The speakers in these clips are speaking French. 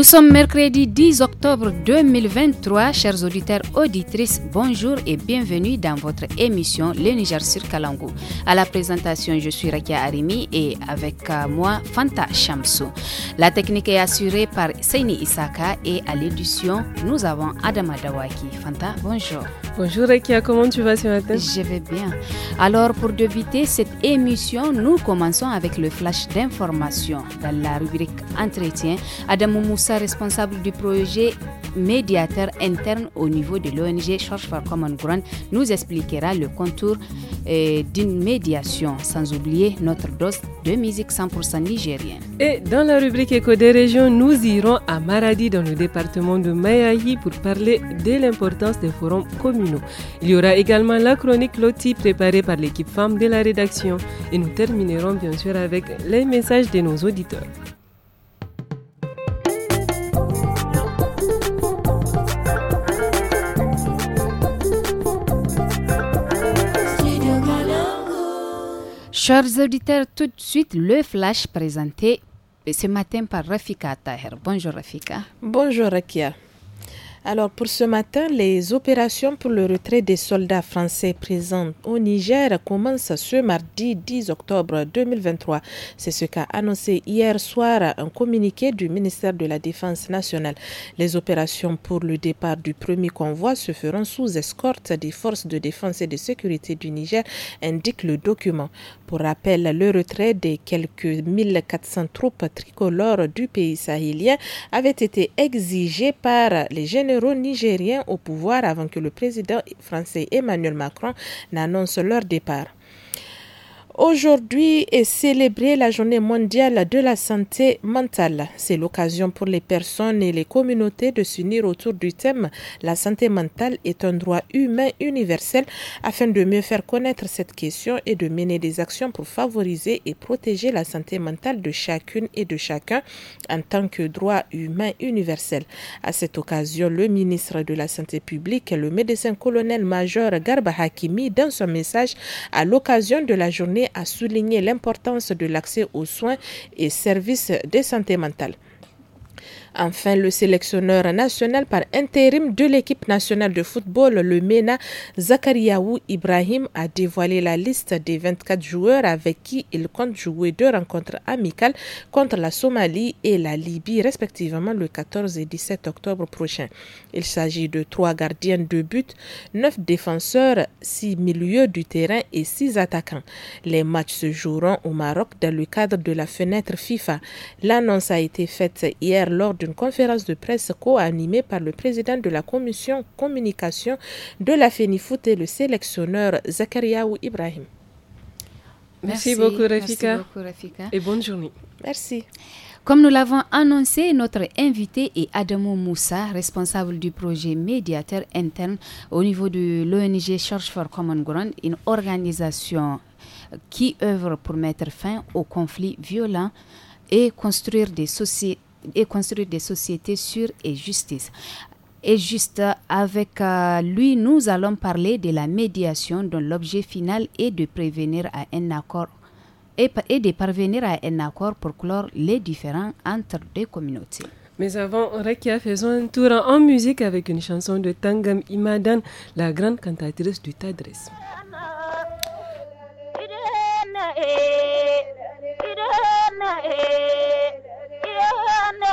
Nous sommes mercredi 10 octobre 2023. Chers auditeurs, auditrices, bonjour et bienvenue dans votre émission Le Niger sur Kalangu. À la présentation, je suis Rakia Arimi et avec euh, moi Fanta Shamsou. La technique est assurée par Seini Isaka et à l'édition, nous avons Adama Dawaki. Fanta, bonjour. Bonjour Rakia, comment tu vas ce matin Je vais bien. Alors, pour débuter cette émission, nous commençons avec le flash d'information. Dans la rubrique Entretien, Adam Moussa responsable du projet médiateur interne au niveau de l'ONG Church for Common Ground, nous expliquera le contour euh, d'une médiation, sans oublier notre dose de musique 100% nigérienne. Et dans la rubrique Éco des régions, nous irons à Maradi, dans le département de Mayahi, pour parler de l'importance des forums communaux. Il y aura également la chronique Loti préparée par l'équipe femme de la rédaction. Et nous terminerons bien sûr avec les messages de nos auditeurs. Chers auditeurs, tout de suite, le flash présenté ce matin par Rafika Taher. Bonjour Rafika. Bonjour Rakia. Alors pour ce matin, les opérations pour le retrait des soldats français présents au Niger commencent ce mardi 10 octobre 2023. C'est ce qu'a annoncé hier soir un communiqué du ministère de la Défense nationale. Les opérations pour le départ du premier convoi se feront sous escorte des forces de défense et de sécurité du Niger, indique le document. Pour rappel, le retrait des quelques 1400 troupes tricolores du pays sahélien avait été exigé par les généraux nigériens au pouvoir avant que le président français Emmanuel Macron n'annonce leur départ. Aujourd'hui est célébrée la journée mondiale de la santé mentale. C'est l'occasion pour les personnes et les communautés de s'unir autour du thème La santé mentale est un droit humain universel afin de mieux faire connaître cette question et de mener des actions pour favoriser et protéger la santé mentale de chacune et de chacun en tant que droit humain universel. À cette occasion, le ministre de la Santé publique, le médecin colonel major Garba Hakimi, dans son message à l'occasion de la journée a à souligner l'importance de l'accès aux soins et services de santé mentale. Enfin, le sélectionneur national par intérim de l'équipe nationale de football, le MENA, Zakariaou Ibrahim, a dévoilé la liste des 24 joueurs avec qui il compte jouer deux rencontres amicales contre la Somalie et la Libye, respectivement le 14 et 17 octobre prochain. Il s'agit de trois gardiens de but, neuf défenseurs, six milieux du terrain et six attaquants. Les matchs se joueront au Maroc dans le cadre de la fenêtre FIFA. L'annonce a été faite hier lors d'une conférence de presse co-animée par le président de la commission communication de la FENIFOOT et le sélectionneur Zakariaou Ibrahim. Merci, beaucoup, Rafika. et bonne journée. Merci. Comme nous l'avons annoncé, notre invité est Adamo Moussa, responsable du projet médiateur interne au niveau de l'ONG Church for Common Ground, une organisation qui œuvre pour mettre fin aux conflits violents et construire des sociétés et construire des sociétés sûres et justes. Et juste avec euh, lui, nous allons parler de la médiation dont l'objet final est de prévenir à un accord et, de parvenir à un accord pour clore les différends entre deux communautés. Mais avant, Rekia, faisons un tour en musique avec une chanson de Tangam Imadan, la grande cantatrice du Tadres. Idan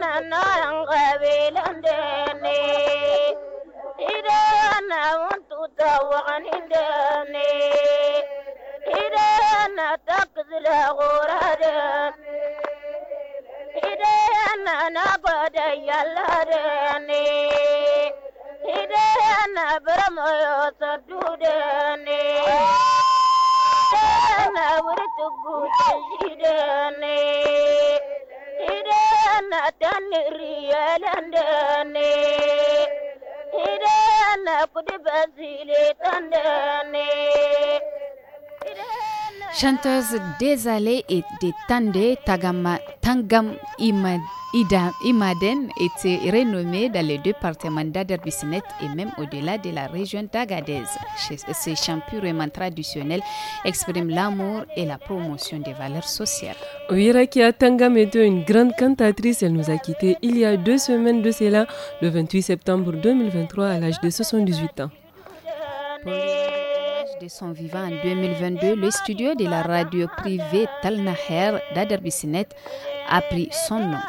na nan gabe landane. إذا أنت توغنيني إذا تقذل غرادن إذا أنا بدي يلادني إذا أنا برم يصدودني إذا أنا ورتقو تجدني إذا أنا تنري لندني hideen na kudi bazile tandane. chanteuse des allées et des Tandé, Tangam Imaden, était renommée dans les départements d'Aderbissinet et même au-delà de la région d'Agadez. Ces chants purement traditionnels expriment l'amour et la promotion des valeurs sociales. Oirakia Tangam était une grande cantatrice. Elle nous a quittés il y a deux semaines de cela, le 28 septembre 2023, à l'âge de 78 ans de son vivant en 2022, le studio de la radio privée Talnaher d'Aderbissinet a pris son nom.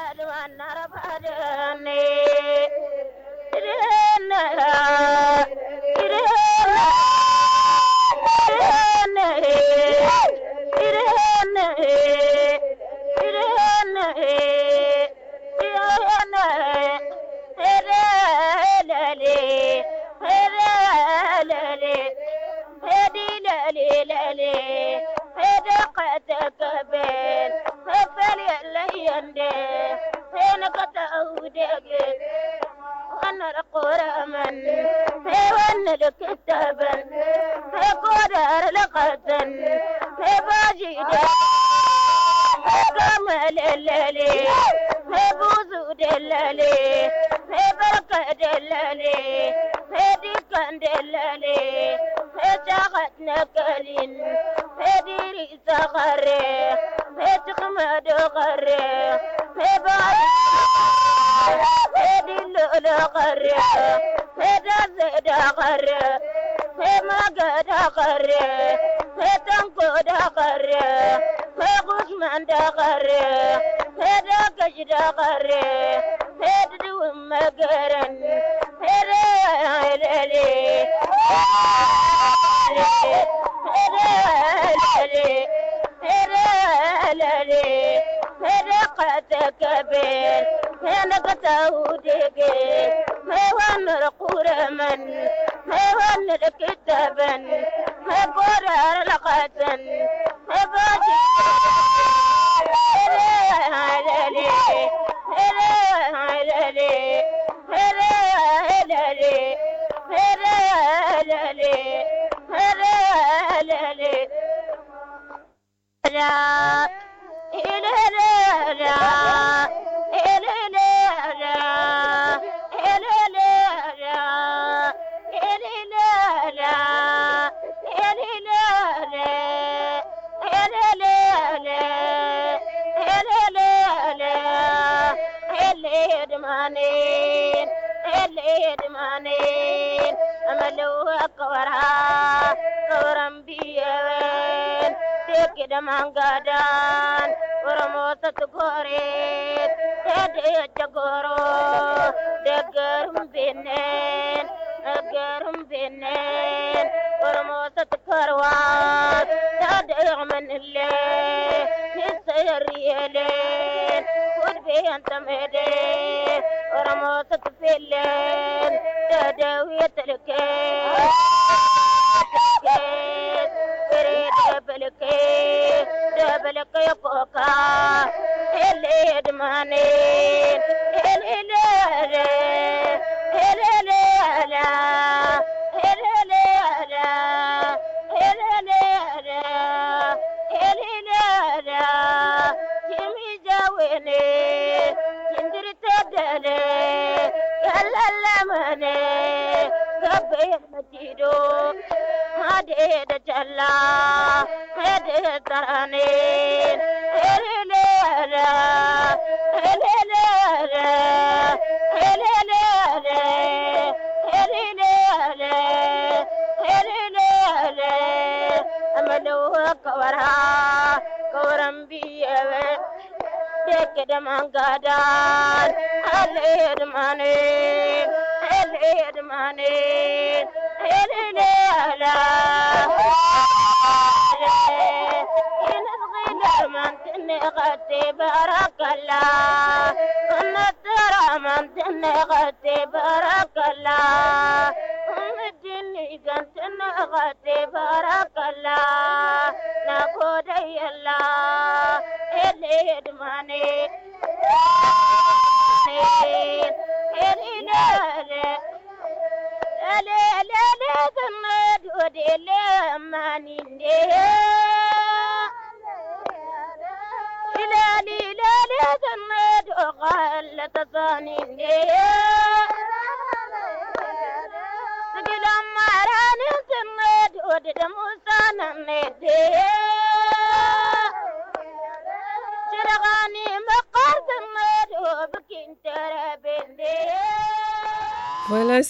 عليه هذا قد قبل هبل يليندي هنا قطعودك وانا القرى من هيوان الكتابا هقدر لقدا هباجي هقام الليلي هبوزو دلالي هبركة دلالي هدي كان دلالي شاغتنا كلين بديري سغري بتخمد غري بباري بدي اللؤلؤ غري بدا زيدا غري بما قد غري بتنقود غري بغوش من غري بدا كشد غري بدي وما قرن بدا للي هلا للي هرقتك بين هلقت وديك هون القرمن هون ra ra ra ra دمان قادان ورموسة قريت تدي الجقورو تقرم بينين تقرم بينين ورموسة قروات تدي من اللي نسير ريالين كل بين تمهدين ورموسة في الليل تدوية الكيل الإدمانين الإلالا الإلالا الإلالا الإلالا الإلالا كم يجاوني كندر تدلي يلا لمني قبي مجيدو هادي دجلا هادي تراني دمانقادان هل يدماني هل يدماني هل يلا ينبغي لمن تنغتي بارك الله النترى من تنغتي بارك الله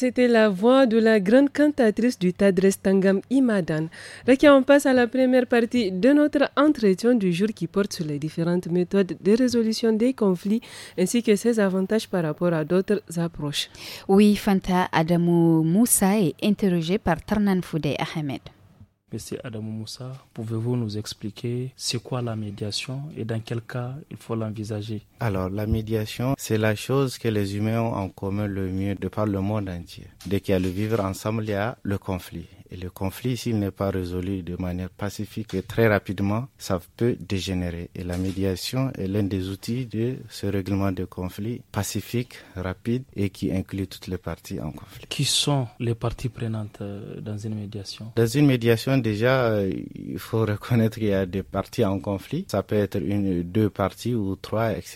c'était la voix de la grande cantatrice du Tadres Tangam Imadan. Rekia, on passe à la première partie de notre entretien du jour qui porte sur les différentes méthodes de résolution des conflits ainsi que ses avantages par rapport à d'autres approches. Oui, Fanta Adamou Moussa est interrogé par Tarnan Foudé Ahmed. Monsieur Adamou Moussa, pouvez-vous nous expliquer c'est quoi la médiation et dans quel cas il faut l'envisager Alors, la médiation, c'est la chose que les humains ont en commun le mieux de par le monde entier. Dès qu'il y a le vivre ensemble, il y a le conflit. Et le conflit, s'il n'est pas résolu de manière pacifique et très rapidement, ça peut dégénérer. Et la médiation est l'un des outils de ce règlement de conflit pacifique, rapide et qui inclut toutes les parties en conflit. Qui sont les parties prenantes euh, dans une médiation Dans une médiation, déjà, euh, il faut reconnaître qu'il y a des parties en conflit. Ça peut être une, deux parties ou trois, etc.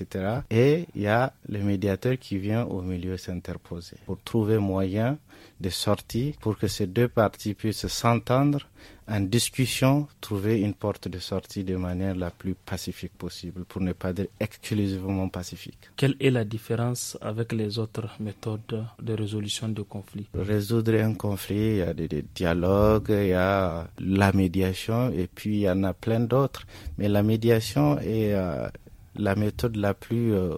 Et il y a le médiateur qui vient au milieu s'interposer pour trouver moyen de sortie pour que ces deux parties puissent s'entendre en discussion, trouver une porte de sortie de manière la plus pacifique possible, pour ne pas dire exclusivement pacifique. Quelle est la différence avec les autres méthodes de résolution de conflits Résoudre un conflit, il y a des, dialogues, il y a la médiation, et puis il y en a plein d'autres. Mais la médiation est euh, la méthode la plus euh,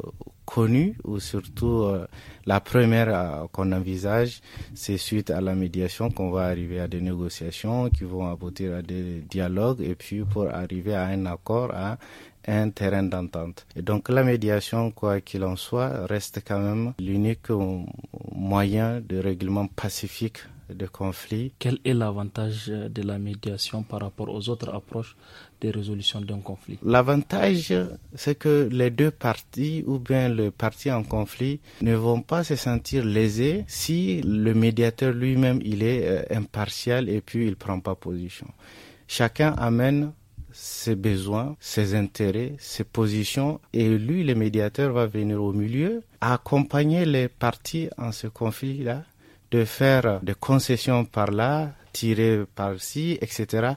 connue, ou surtout euh, la première euh, qu'on envisage, c'est suite à la médiation qu'on va arriver à des négociations qui vont aboutir à des dialogues et puis pour arriver à un accord, à un terrain d'entente. Et donc la médiation, quoi qu'il en soit, reste quand même l'unique euh, moyen de règlement pacifique de conflit. Quel est l'avantage de la médiation par rapport aux autres approches des résolutions d'un conflit. L'avantage, c'est que les deux parties ou bien le parti en conflit ne vont pas se sentir lésés si le médiateur lui-même il est euh, impartial et puis il prend pas position. Chacun amène ses besoins, ses intérêts, ses positions. Et lui, le médiateur, va venir au milieu, accompagner les parties en ce conflit-là, de faire des concessions par là, tirer par ci, etc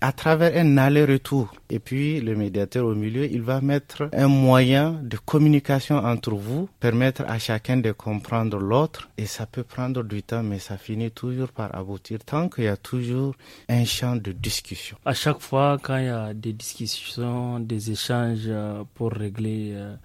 à travers un aller-retour. Et puis le médiateur au milieu, il va mettre un moyen de communication entre vous, permettre à chacun de comprendre l'autre. Et ça peut prendre du temps, mais ça finit toujours par aboutir tant qu'il y a toujours un champ de discussion. À chaque fois, quand il y a des discussions, des échanges euh, pour régler euh,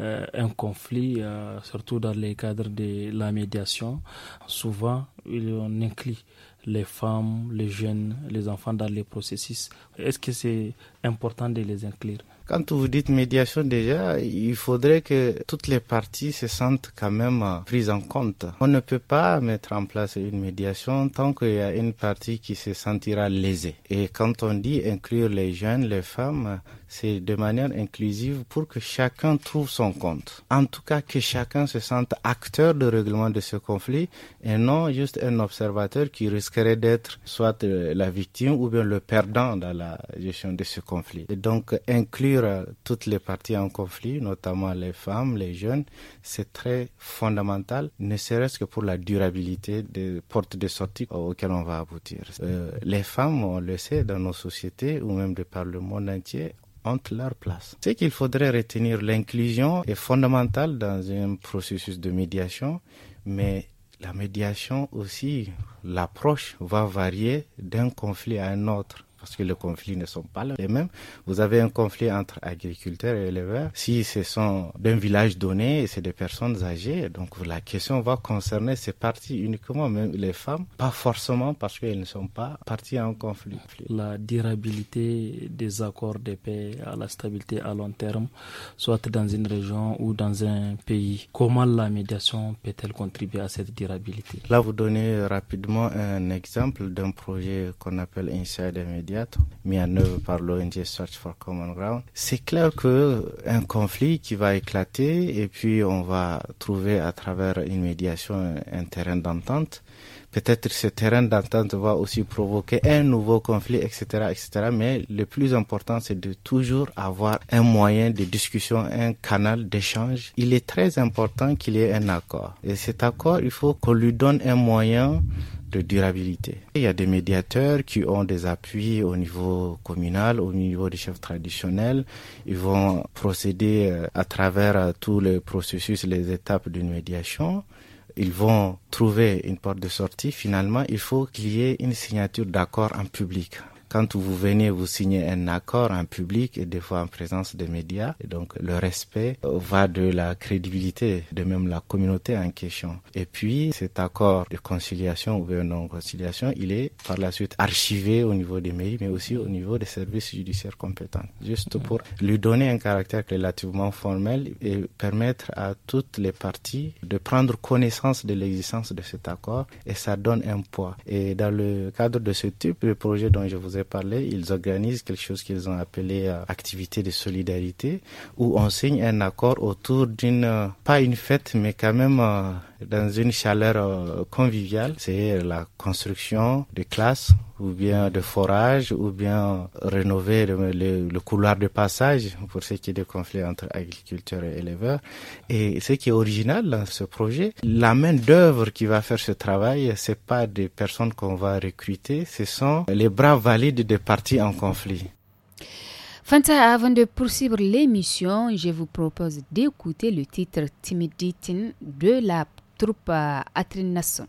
euh, un conflit, surtout dans les cadres de la médiation, souvent on inclut les femmes, les jeunes, les enfants dans les processus Est-ce que c'est important de les inclure quand vous dites médiation déjà, il faudrait que toutes les parties se sentent quand même euh, prises en compte. On ne peut pas mettre en place une médiation tant qu'il y a une partie qui se sentira lésée. Et quand on dit inclure les jeunes, les femmes, c'est de manière inclusive pour que chacun trouve son compte. En tout cas, que chacun se sente acteur de règlement de ce conflit et non juste un observateur qui risquerait d'être soit euh, la victime ou bien le perdant dans la gestion de ce conflit. Et donc, inclure euh, toutes les parties en conflit, notamment les femmes, les jeunes, c'est très fondamental, ne serait-ce que pour la durabilité des portes de sortie auxquelles on va aboutir. Euh, les femmes, on le sait, dans nos sociétés ou même de par le monde entier, ont leur place. Ce qu'il faudrait retenir, l'inclusion est fondamentale dans un processus de médiation, mais la médiation aussi, l'approche va varier d'un conflit à un autre parce que les conflits ne sont pas les mêmes. Vous avez un conflit entre agriculteurs et éleveurs. Si ce sont d'un village donné c'est des personnes âgées, donc la question va concerner ces parties uniquement, même les femmes, pas forcément parce qu'elles ne sont pas parties en conflit. La durabilité des accords de paix à la stabilité à long terme, soit dans une région ou dans un pays, comment la médiation peut-elle contribuer à cette durabilité Là, vous donnez rapidement un exemple d'un projet qu'on appelle Inside Media mis en œuvre par l'ONG Search for Common Ground. C'est clair que un conflit qui va éclater et puis on va trouver à travers une médiation un terrain d'entente peut-être ce terrain d'entente va aussi provoquer un nouveau conflit, etc., etc. Mais le plus important, c'est de toujours avoir un moyen de discussion, un canal d'échange. Il est très important qu'il y ait un accord. Et cet accord, il faut qu'on lui donne un moyen de durabilité. Il y a des médiateurs qui ont des appuis au niveau communal, au niveau des chefs traditionnels. Ils vont procéder euh, à travers euh, tous les processus, les étapes d'une médiation ils vont trouver une porte de sortie, finalement, il faut qu'il y ait une signature d'accord en public quand vous venez vous signez un accord en public et des fois en présence des médias, et donc le respect va de la crédibilité de même la communauté en question. Et puis cet accord de conciliation ou de non-conciliation, il est par la suite archivé au niveau des mairies, mais aussi au niveau des services judiciaires compétents, juste pour lui donner un caractère relativement formel et permettre à toutes les parties de prendre connaissance de l'existence de cet accord et ça donne un poids. Et dans le cadre de ce type de projet dont je vous ils organisent quelque chose qu'ils ont appelé euh, activité de solidarité, où on signe un accord autour d'une, euh, pas une fête, mais quand même euh, dans une chaleur euh, conviviale. C'est la construction de classes ou bien de forages ou bien rénover le, couloir de passage pour ce qui est des conflits entre agriculteurs et éleveurs. Et ce qui est original dans ce projet, la main d'œuvre qui va faire ce travail, c'est pas des personnes qu'on va recruter, ce sont les bras valides des parties en conflit. Fanta, avant de poursuivre l'émission, je vous propose d'écouter le titre Timidity de la troupe nasson.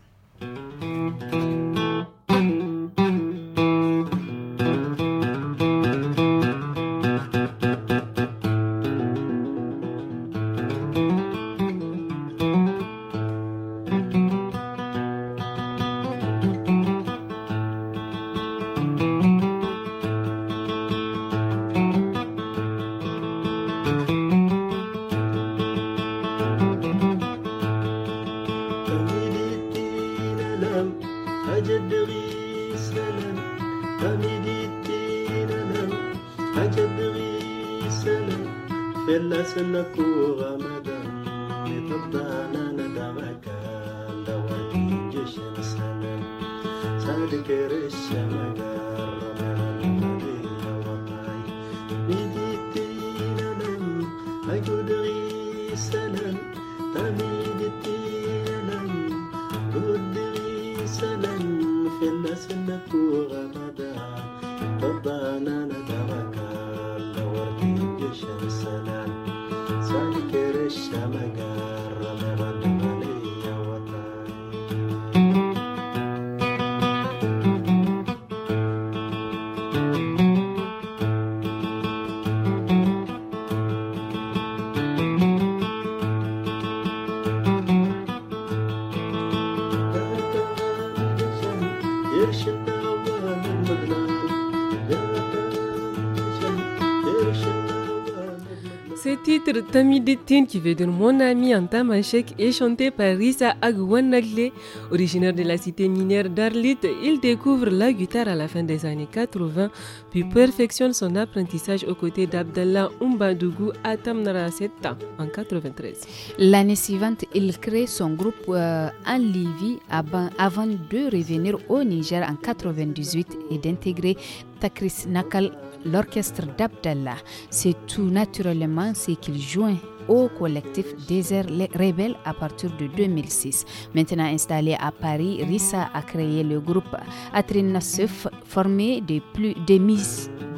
Tamiditin qui veut dire Mon ami en tamashek est chanté par Risa Agwanagle. Originaire de la cité minière d'Arlit, il découvre la guitare à la fin des années 80 puis perfectionne son apprentissage aux côtés d'Abdallah Umbadougou à Tamnara Seta en 93. L'année suivante, il crée son groupe euh, en Livy avant de revenir au Niger en 98 et d'intégrer Takris Nakal l'orchestre d'Abdallah. C'est tout naturellement ce qu'il joint au collectif Désert les Rebelles à partir de 2006. Maintenant installé à Paris, Rissa a créé le groupe Atrin Nassif, formé de plus de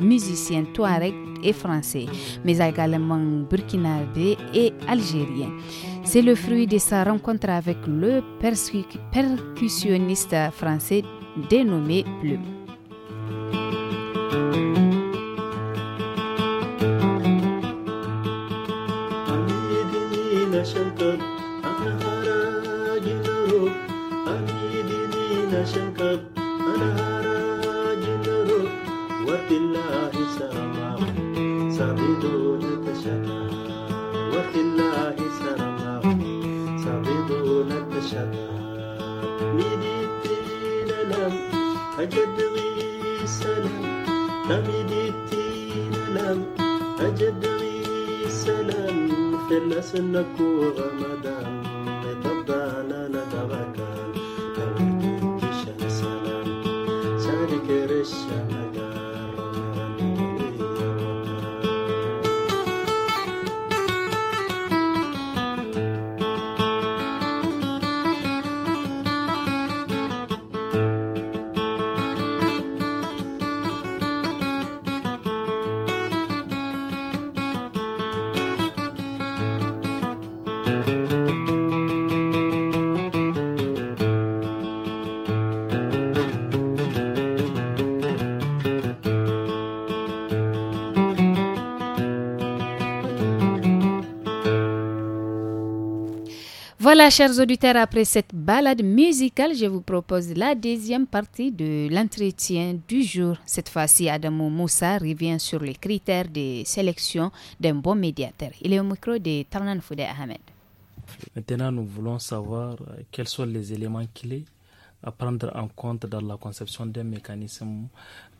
musiciens touareg et français, mais également burkinabés et algériens. C'est le fruit de sa rencontre avec le percussionniste français dénommé Plume. şankar ana hara ginaro ani dinina shankar ana hara ginaro wakillahi sarama sabido natashaka wakillahi sarama sabido natashaka miditti nalam ajadwi salam namiditti nalam ajadwi salam Madalas na ko Ramadan Voilà, chers auditeurs, après cette balade musicale, je vous propose la deuxième partie de l'entretien du jour. Cette fois-ci, Adamo Moussa revient sur les critères de sélection d'un bon médiateur. Il est au micro de Tarnan Foudé Ahmed. Maintenant, nous voulons savoir euh, quels sont les éléments clés à prendre en compte dans la conception d'un mécanisme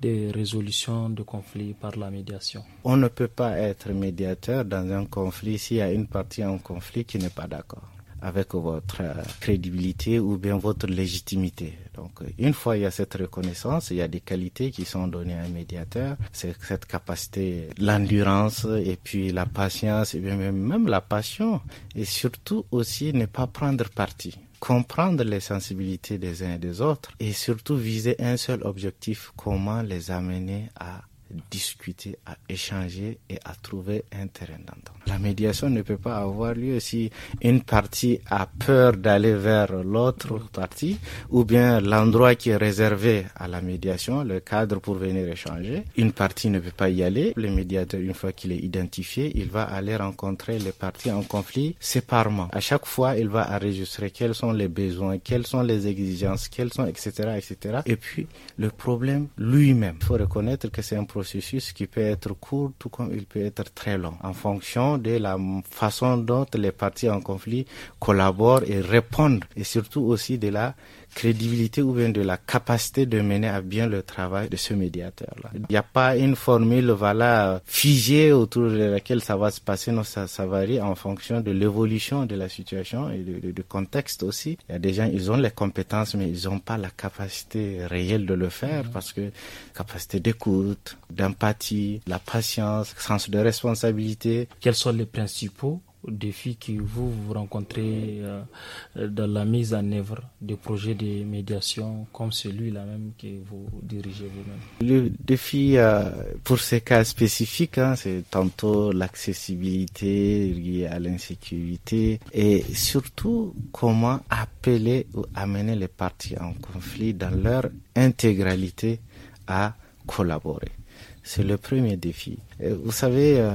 de résolution de conflits par la médiation. On ne peut pas être médiateur dans un conflit s'il y a une partie en conflit qui n'est pas d'accord avec votre euh, crédibilité ou bien votre légitimité. Donc, euh, une fois il y a cette reconnaissance, il y a des qualités qui sont données à un médiateur. C'est cette capacité, l'endurance et puis la patience et même la passion. Et surtout aussi ne pas prendre parti comprendre les sensibilités des uns et des autres et surtout viser un seul objectif, comment les amener à discuter, à échanger et à trouver un terrain d'entente. La médiation ne peut pas avoir lieu si une partie a peur d'aller vers l'autre partie ou bien l'endroit qui est réservé à la médiation, le cadre pour venir échanger. Une partie ne peut pas y aller. Le médiateur, une fois qu'il est identifié, il va aller rencontrer les parties en conflit séparément. À chaque fois, il va enregistrer quels sont les besoins, quelles sont les exigences, quels sont, etc., etc. Et puis, le problème lui-même. Il faut reconnaître que c'est un problème processus qui peut être court tout comme il peut être très long, en fonction de la façon dont les parties en conflit collaborent et répondent, et surtout aussi de la crédibilité ou bien de la capacité de mener à bien le travail de ce médiateur-là. Il n'y a pas une formule voilà figée autour de laquelle ça va se passer, non, ça, ça varie en fonction de l'évolution de la situation et du contexte aussi. Il y a des gens, ils ont les compétences, mais ils n'ont pas la capacité réelle de le faire mm-hmm. parce que capacité d'écoute, d'empathie, la patience, sens de responsabilité. Quels sont les principaux défis que vous, rencontrez euh, dans la mise en œuvre des projets de médiation comme celui-là même que vous dirigez vous-même Le défi euh, pour ces cas spécifiques, hein, c'est tantôt l'accessibilité liée à l'insécurité et surtout comment appeler ou amener les parties en conflit dans leur intégralité à collaborer. C'est le premier défi. Vous savez, euh,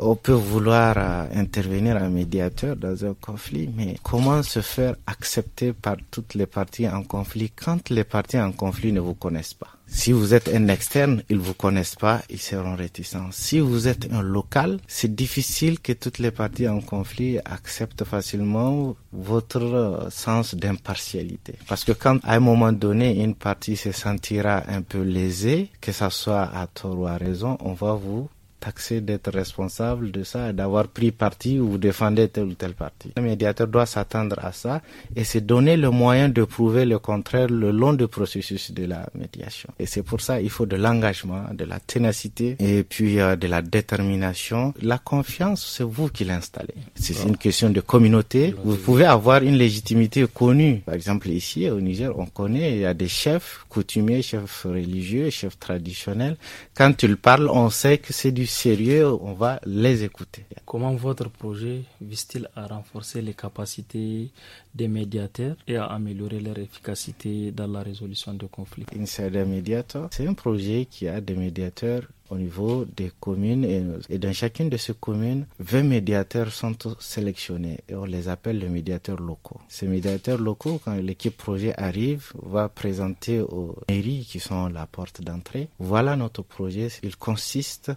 on peut vouloir euh, intervenir en médiateur dans un conflit, mais comment se faire accepter par toutes les parties en conflit quand les parties en conflit ne vous connaissent pas si vous êtes un externe, ils vous connaissent pas, ils seront réticents. Si vous êtes un local, c'est difficile que toutes les parties en conflit acceptent facilement votre euh, sens d'impartialité. Parce que quand à un moment donné, une partie se sentira un peu lésée, que ça soit à tort ou à raison, on va vous taxé d'être responsable de ça, d'avoir pris parti ou défendre tel ou tel parti. Le médiateur doit s'attendre à ça et se donner le moyen de prouver le contraire le long du processus de la médiation. Et c'est pour ça il faut de l'engagement, de la ténacité et puis euh, de la détermination. La confiance, c'est vous qui l'installez. C'est une question de communauté. Vous pouvez avoir une légitimité connue. Par exemple, ici au Niger, on connaît, il y a des chefs coutumiers, chefs religieux, chefs traditionnels. Quand ils parlent, on sait que c'est du sérieux, on va les écouter. Comment votre projet vise-t-il à renforcer les capacités des médiateurs et à améliorer leur efficacité dans la résolution de conflits Insider Mediator, c'est un projet qui a des médiateurs au niveau des communes et, et, dans chacune de ces communes, 20 médiateurs sont sélectionnés et on les appelle les médiateurs locaux. Ces médiateurs locaux, quand l'équipe projet arrive, va présenter aux mairies qui sont la porte d'entrée. Voilà notre projet. Il consiste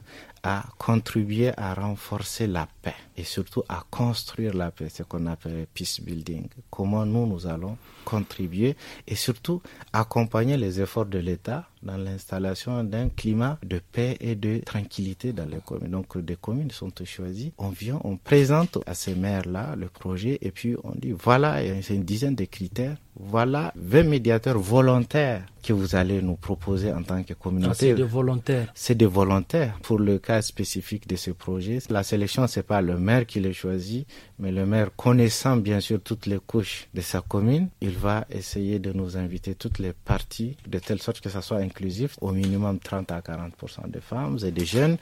à contribuer à renforcer la paix et surtout à construire la paix, ce qu'on appelle peace building. Comment nous, nous allons contribuer et surtout accompagner les efforts de l'État dans l'installation d'un climat de paix et de tranquillité dans les communes. Donc des communes sont choisies, on vient, on présente à ces maires-là le projet et puis on dit voilà, c'est une dizaine de critères, voilà 20 médiateurs volontaires que vous allez nous proposer en tant que communauté. Ah, c'est des volontaires. C'est des volontaires. Pour le cas spécifique de ce projet, la sélection, c'est pas le maire qui le choisit, mais le maire, connaissant bien sûr toutes les couches de sa commune, il va essayer de nous inviter toutes les parties de telle sorte que ça soit inclusif, au minimum 30 à 40% de femmes et de jeunes.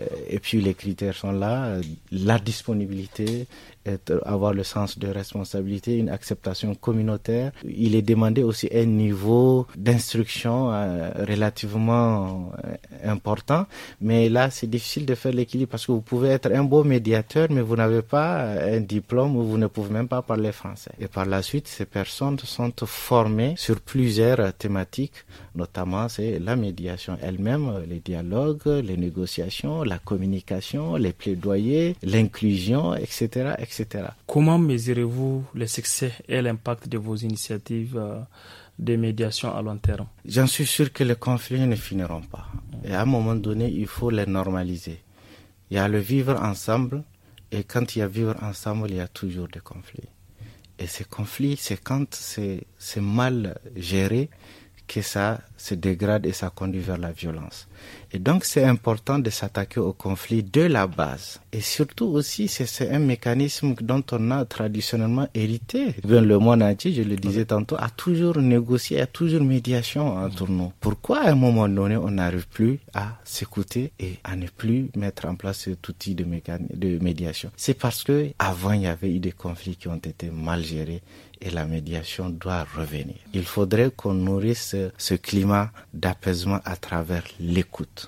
Euh, et puis les critères sont là, euh, la disponibilité avoir le sens de responsabilité, une acceptation communautaire. Il est demandé aussi un niveau d'instruction euh, relativement euh, important. Mais là, c'est difficile de faire l'équilibre parce que vous pouvez être un beau médiateur, mais vous n'avez pas euh, un diplôme ou vous ne pouvez même pas parler français. Et par la suite, ces personnes sont formées sur plusieurs thématiques notamment c'est la médiation elle-même, les dialogues, les négociations, la communication, les plaidoyers, l'inclusion, etc., etc. Comment mesurez-vous le succès et l'impact de vos initiatives euh, de médiation à long terme J'en suis sûr que les conflits ne finiront pas. Et à un moment donné, il faut les normaliser. Il y a le vivre ensemble, et quand il y a vivre ensemble, il y a toujours des conflits. Et ces conflits, c'est quand c'est mal géré, que ça se dégrade et ça conduit vers la violence. Et donc c'est important de s'attaquer au conflit de la base. Et surtout aussi, c'est un mécanisme dont on a traditionnellement hérité. Le monde entier, je le disais tantôt, a toujours négocié, a toujours médiation entre nous. Pourquoi à un moment donné, on n'arrive plus à s'écouter et à ne plus mettre en place cet outil de, de médiation C'est parce que avant, il y avait eu des conflits qui ont été mal gérés et la médiation doit revenir. Il faudrait qu'on nourrisse ce climat d'apaisement à travers l'écoute.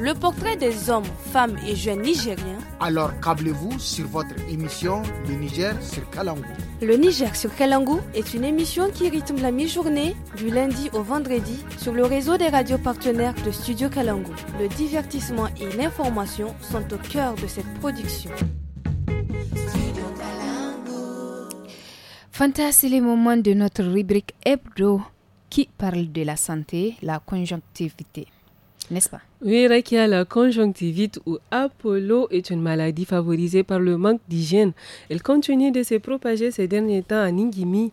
le portrait des hommes, femmes et jeunes nigériens. Alors câblez-vous sur votre émission Le Niger sur Kalangou. Le Niger sur Kalangou est une émission qui rythme la mi-journée du lundi au vendredi sur le réseau des radios partenaires de Studio Kalangou. Le divertissement et l'information sont au cœur de cette production. Fanta, c'est le de notre rubrique hebdo qui parle de la santé, la conjonctivité n'est-ce pas Oui, la conjonctivite ou Apollo est une maladie favorisée par le manque d'hygiène. Elle continue de se propager ces derniers temps à Ningimi.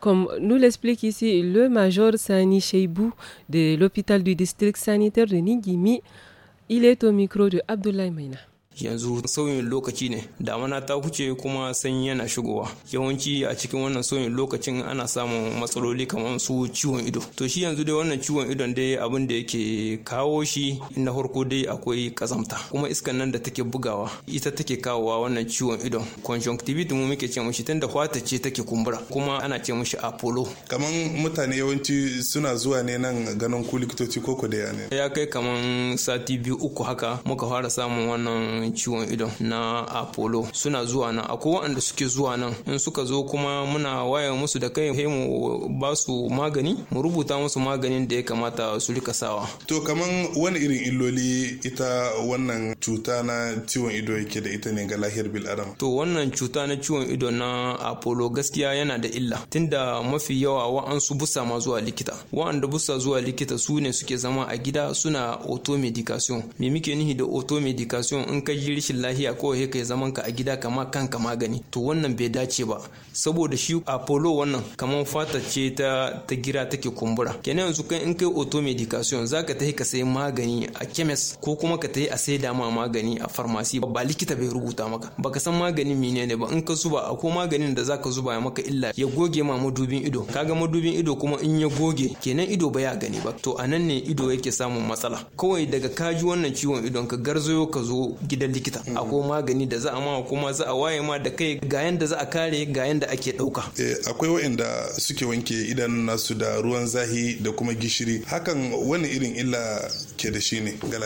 Comme nous l'explique ici le major Sani Sheibou de l'hôpital du district sanitaire de Ningimi, il est au micro de Abdoulaye Maina. yanzu sauyin lokaci ne damana ta huce kuma sanyi yana shigowa yawanci a cikin wannan sauyin lokacin ana samun matsaloli kamar su ciwon ido to shi yanzu dai wannan ciwon idon dai abin da yake kawo shi na farko dai akwai kazamta kuma iskan nan da take bugawa ita take kawowa wannan ciwon idon conjunctivitis mu muke ce mishi tunda fata ce take kumbura kuma ana ce mishi apollo kaman mutane yawanci suna zuwa ne nan ganin ku likitoci koko da ya ne ya kai kaman sati biyu uku haka muka fara samun wannan wannan ciwon ido na apollo suna zuwa nan akwai waɗanda suke zuwa nan in suka zo kuma muna waya musu da kai mu ba su magani mu rubuta musu maganin da ya kamata su rika sawa to kaman wani irin illoli ita wannan cuta na ciwon ido yake da ita ne ga lahiyar bil adam to wannan cuta na ciwon ido na apollo gaskiya yana da illa tunda mafi yawa wa'ansu busa ma zuwa likita wa'anda busa zuwa likita su ne suke zama a gida suna auto medication me muke nihi da auto medication in kai yi rashin lahiya he kai zaman ka a gida kama kanka magani to wannan bai dace ba saboda shi apollo wannan kamar fata ce ta ta gira take kumbura kenan yanzu kai in kai auto medication zaka tafi ka sai magani a chemist ko kuma ka tafi a sai da ma magani a pharmacy ba likita bai rubuta maka baka san magani maganin ne ba in ka zuba a ko maganin da zaka zuba ya maka illa ya goge ma madubin ido kaga madubin ido kuma in ya goge kenan ido ya gani ba to anan ne ido yake samun matsala kawai daga kaji wannan ciwon idon ka garzayo ka zo gida gidan likita akwai magani da za a ma kuma za a waye ma da kai ga yanda za a kare ga yanda ake dauka eh, akwai waɗanda suke wanke idan nasu da ruwan zahi da kuma gishiri hakan wani irin illa ke da shi ne ga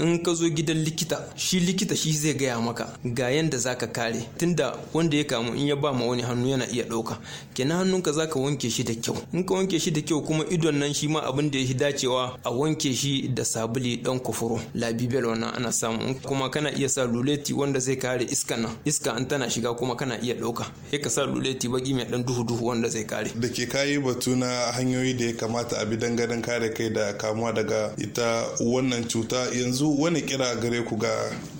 In ka zo gidan likita, shi likita shi zai gaya maka ga yanda zaka kare tunda wanda ya kamu in ya ba ma wani hannu yana iya ɗauka. Kenan hannunka zaka wanke shi da kyau. In ka wanke shi da kyau kuma idon nan shi ma abin da ya dacewa a wanke shi da sabuli dan kufuro. Labibel wannan ana samu kuma kana iya sa luleti wanda zai kare iska nan. Iska an tana shiga kuma kana iya ɗauka. Sai ka sa luleti baki mai dan duhu-duhu wanda zai kare. Da ke kayi batu na hanyoyi da ya kamata a bi dangane kare kai da kamuwa daga ita wannan cuta yanzu wani kira gare ku ga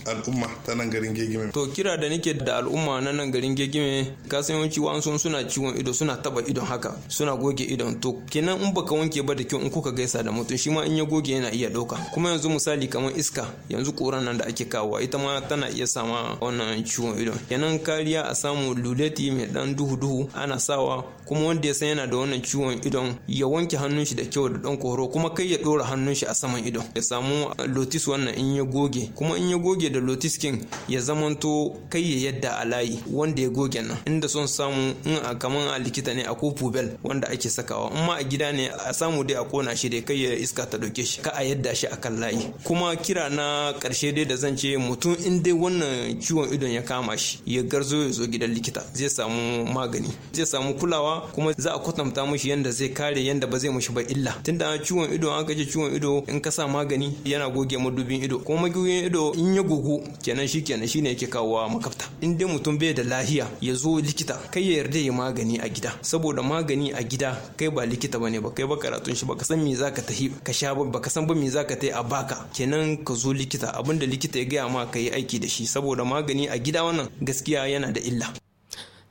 al'umma ta nan garin gegime to kira da nake da al'umma na nan garin gegime ka san yawanci suna ciwon ido suna taba idon haka suna goge idon to kenan in baka wanke ba da kyau in kuka gaisa da mutum shi ma in ya goge yana iya dauka kuma yanzu misali kamar iska yanzu koran nan da ake kawo ita ma tana iya sama wannan ciwon idon kenan kariya a samu luleti mai dan duhu duhu ana sawa kuma wanda ya san yana da wannan ciwon idon ya wanke hannun shi da kyau da dan koro kuma kai ya ɗora hannun shi a saman ido ya samu lotis wannan in ya goge kuma in ya goge da lotis kin ya zamanto kai ya yadda a layi wanda ya goge nan inda son samu in a kaman a likita ne a ko pubel wanda ake sakawa in ma a gida ne a samu dai a kona shi dai kai ya iska ta dauke shi ka a yadda shi akan layi kuma kira na karshe dai da zan ce mutum in dai wannan ciwon idon ya kama shi ya garzo ya zo gidan likita zai samu magani zai samu kulawa kuma za a kwatanta mishi yanda zai kare yanda ba zai mushi ba illa tunda ciwon ido an ce ciwon ido in ka sa magani yana goge madubin ido kuma magugin ido in ya gugu kenan shi kenan shine yake kawowa makafta in dai mutum bai da lahiya ya zo likita kai ya yarda ya magani a gida saboda magani a gida kai ba likita bane ba kai ba karatun shi baka san me zaka tafi ka sha ba baka san ba me zaka tahi a baka kenan ka zo likita abinda likita ya gaya ma ka yi aiki da shi saboda magani a gida wannan gaskiya yana da illa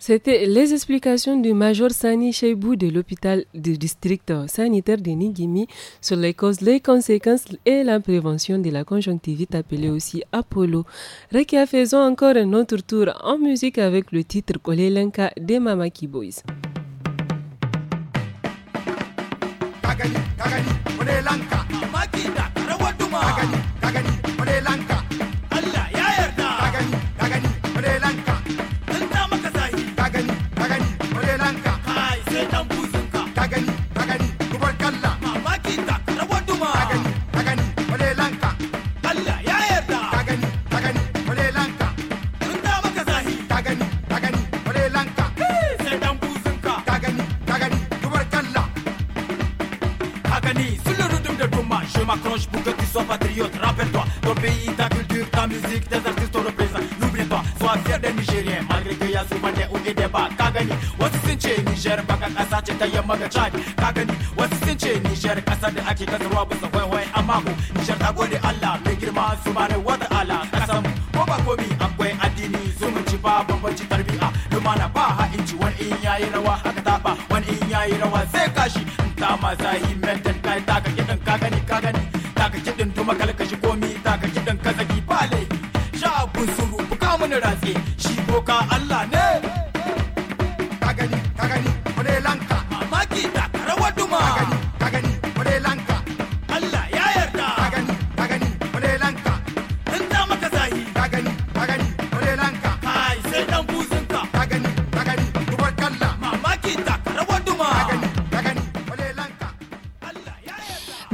C'était les explications du major Sani Cheibou de l'hôpital du district sanitaire de Nigimi sur les causes, les conséquences et la prévention de la conjonctivite appelée aussi Apollo. Rekia, faisons encore un autre tour en musique avec le titre Kolelenka des Mamaki Boys. ce ta yamma ga chad ka gani wasu sun ce nishiyar kasar da ake kasarwa bisa waiwai amma ko nishiyar ta gode allah mai girma su ba da wata ala kasar ko ba komi akwai addini zumunci ba bambanci tarbiya lumana ba ha inci wani in yayi rawa haka ta ba wani in yayi rawa sai kashi ta ma zahi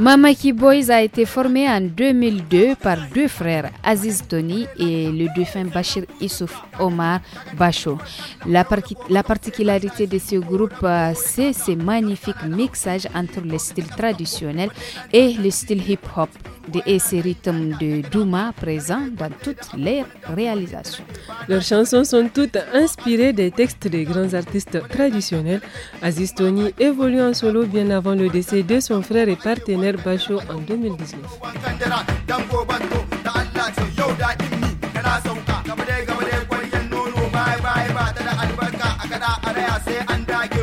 Mamaki Boys a été formé en 2002 par deux frères, Aziz Tony et le défunt Bachir Issouf Omar Bacho. La, la, particularité de ce groupe, euh, c'est ce magnifique mixage entre le style traditionnel et le style hip-hop et ces rythmes de Douma présents dans toutes les réalisations. Leurs chansons sont toutes inspirées des textes des grands artistes traditionnels. Aziz Tony évolue en solo bien avant le décès de son frère et partenaire Bacho en 2019. I say, and I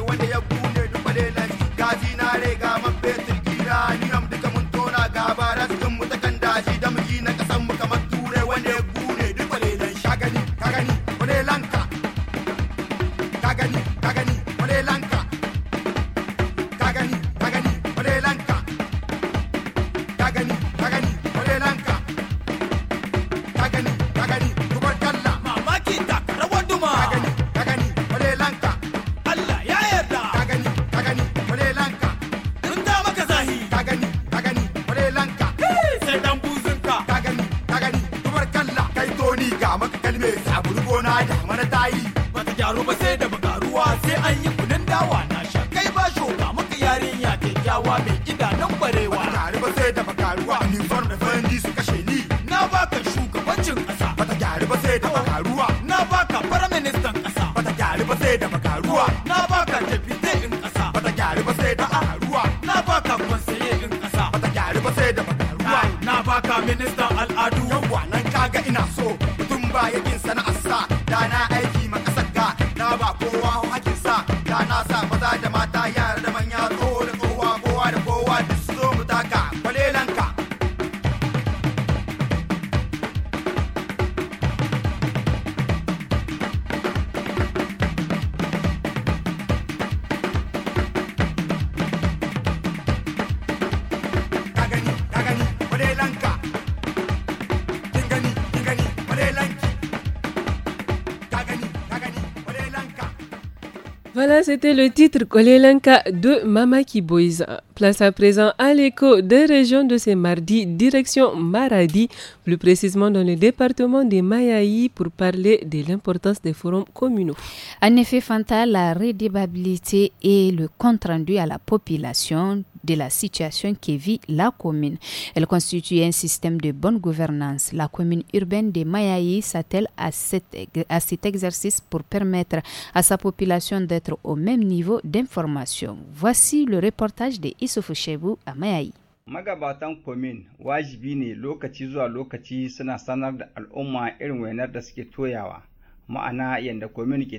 c'était le titre Lenka de Mamaki Boys. Place à présent à l'écho des régions de ces mardis direction Maradi, plus précisément dans le département des Mayaï, pour parler de l'importance des forums communaux. En effet, Fanta, la redébabilité et le compte-rendu à la population de la situation que vit la commune. Elle constitue un système de bonne gouvernance. La commune urbaine de Mayaï s'attelle à, cet exercice pour permettre à sa population d'être au même niveau d'information. Voici le reportage de Issoufou à Mayaï. magabatan komin wajibi ne lokaci zuwa lokaci suna sanar da al'umma irin da suke toyawa ma'ana yadda komin ke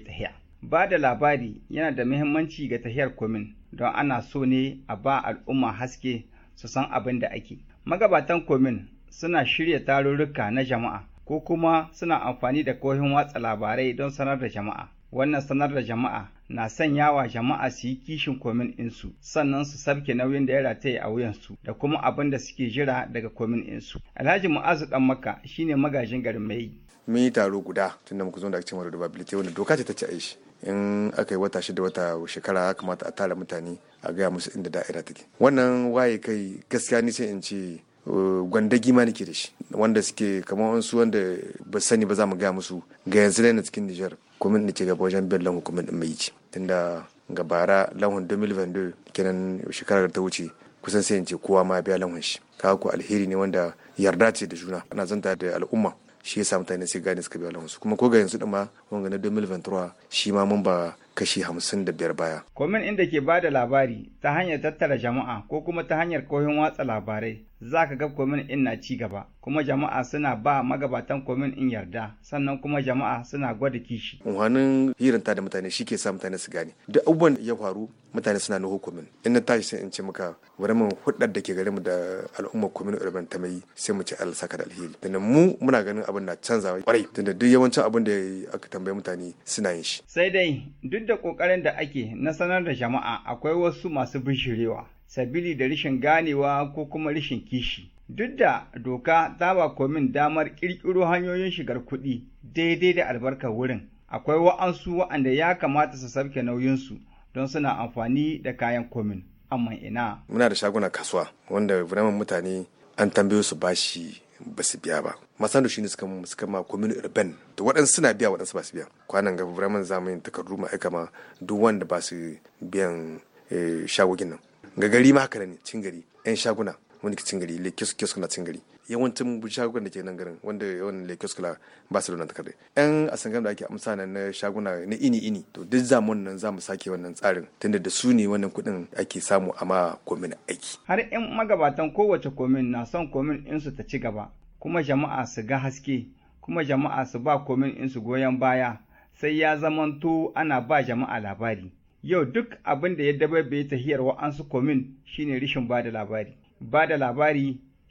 ba da labari yana da muhimmanci ga tahiyar komin don ana so ne a ba al'umma haske su san abin da ake magabatan komin suna shirya tarurruka na jama'a ko kuma suna amfani da kohin watsa labarai don sanar da jama'a wannan sanar da jama'a na sanya wa jama'a su yi kishin komin insu sannan su sabke nauyin da ya rataye a wuyansu da kuma abin da suke jira daga komin insu alhaji mu'azu dan maka shine magajin garin mai mun yi taro guda tunda muka zo da ake cewa da wanda doka ce ta ci aishi in aka yi wata shida wata shekara ya kamata a tara mutane a gaya musu inda da'ira take wannan waye kai gaskiya ni sai in ce uh, gwandagi ma nake da shi wanda suke kamar wasu wanda ba sani ba za mu gaya musu ga yanzu dai na cikin Nijar kumin da ke gaba wajen biyan lan hukumin din mai tunda ga bara lahun 2022 kenan shekarar ta wuce kusan sai in ce kowa ma biya lahun shi kaga ko alheri ne wanda yarda ce da juna ana zanta da al'umma shi ya sa mutane sai gane suka biya su kuma ko ga yanzu dama ma wanga na 2023 shi ma mun ba kashi hamsin da biyar baya. Komin inda ke ba da labari ta hanyar tattara jama'a ko kuma ta hanyar koyon watsa labarai za ka ga komin in na ci gaba kuma jama'a suna ba magabatan komin in yarda sannan kuma jama'a suna gwada kishi. Wanin hirinta da mutane shi ke sa mutane su gane duk abubuwan ya faru mutane suna nuhu komin in na tashi sai in ce muka wani mun hudar da ke garinmu da al'umma komin urban ta mai sai mu ci Allah saka da alheri tunda mu muna ganin abin na canzawa kwarai tunda duk yawancin abin da aka tambaye mutane suna yin shi. Sai dai duk Duk da ƙoƙarin da ake na sanar da jama'a akwai wasu masu bishirewa, sabili da rishin ganewa ko kuma rishin kishi. Duk da doka ta ba komin damar ƙirƙiro hanyoyin shigar kuɗi daidai da albarkar wurin, akwai wa'ansu wa'anda ya kamata su sabke nauyinsu don suna amfani da kayan komin. Amma ina. Muna da shagunan kasuwa wanda mutane an tambayo su bashi ba su biya ba masando shine suka suka ma commune urban to waɗansu suna biya waɗansu ba su biya kwanan gaba vraiment zamu yin takardu ma aika ma duk wanda ba su biyan eh, shagogin nan ga gari ma haka ne cin gari yan shaguna wani cin gari le kisu na cin gari yawancin shagunan da ke nan garin wanda yawan Lakers Club su ta takardu yan asangan da ake amsa na shaguna na ini ini to duk zamun nan zamu sake wannan tsarin tunda da su ne wannan kuɗin ake samu a ma komin aiki har yan magabatan kowace komin na son komin in su ta ci gaba kuma jama'a su ga haske kuma jama'a su ba komin in su goyon baya sai ya zamanto ana ba jama'a labari yau duk abin da ya dabaibaye tahiyar wa'ansu komin shine rishin ba da labari ba da labari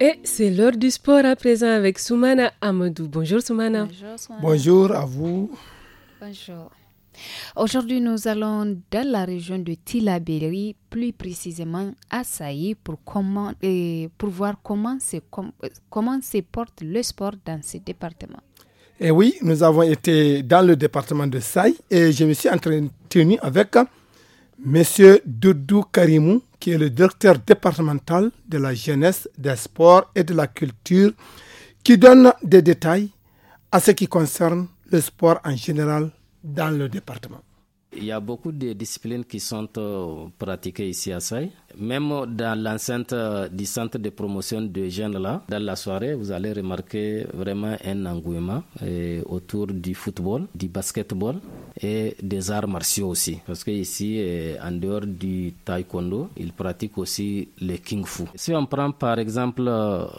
Et c'est l'heure du sport à présent avec Soumana Amadou. Bonjour Soumana. Bonjour, Bonjour à vous. Bonjour. Aujourd'hui, nous allons dans la région de Tilaberi, plus précisément à Saï, pour, voir comment se, comment se porte le sport dans ce département. Et eh oui, nous avons été dans le département de Saï et je me suis entretenu avec M. Doudou Karimou, qui est le directeur départemental de la jeunesse, des sports et de la culture, qui donne des détails à ce qui concerne le sport en général dans le département. Il y a beaucoup de disciplines qui sont euh, pratiquées ici à Saï. Même dans l'enceinte euh, du centre de promotion de jeunes là, dans la soirée, vous allez remarquer vraiment un engouement euh, autour du football, du basketball et des arts martiaux aussi. Parce que ici, en dehors du taekwondo, ils pratiquent aussi le kung fu. Si on prend par exemple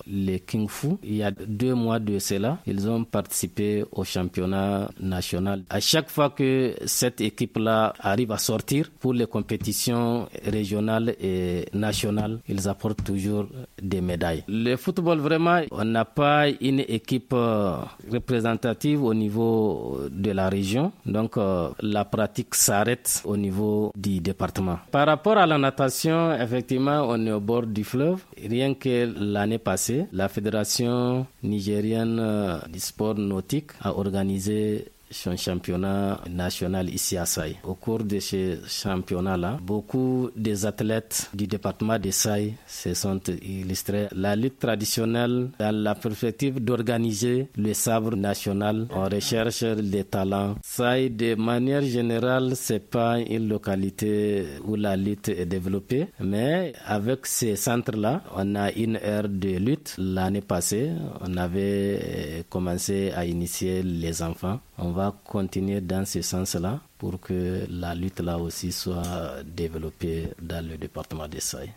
le kung fu, il y a deux mois de cela, ils ont participé au championnat national. À chaque fois que cette équipe là arrivent à sortir pour les compétitions régionales et nationales. Ils apportent toujours des médailles. Le football, vraiment, on n'a pas une équipe euh, représentative au niveau de la région. Donc, euh, la pratique s'arrête au niveau du département. Par rapport à la natation, effectivement, on est au bord du fleuve. Rien que l'année passée, la Fédération nigérienne euh, du sport nautique a organisé son championnat national ici à Saï. Au cours de ce championnat-là, beaucoup des athlètes du département de Saï se sont illustrés. La lutte traditionnelle, dans la perspective d'organiser le sabre national, on recherche les talents. Saï, de manière générale, c'est pas une localité où la lutte est développée, mais avec ces centres-là, on a une heure de lutte. L'année passée, on avait euh, commencé à initier les enfants. On va va continuer dans ce sens-là pour que la lutte là aussi soit développée dans le département des Saï.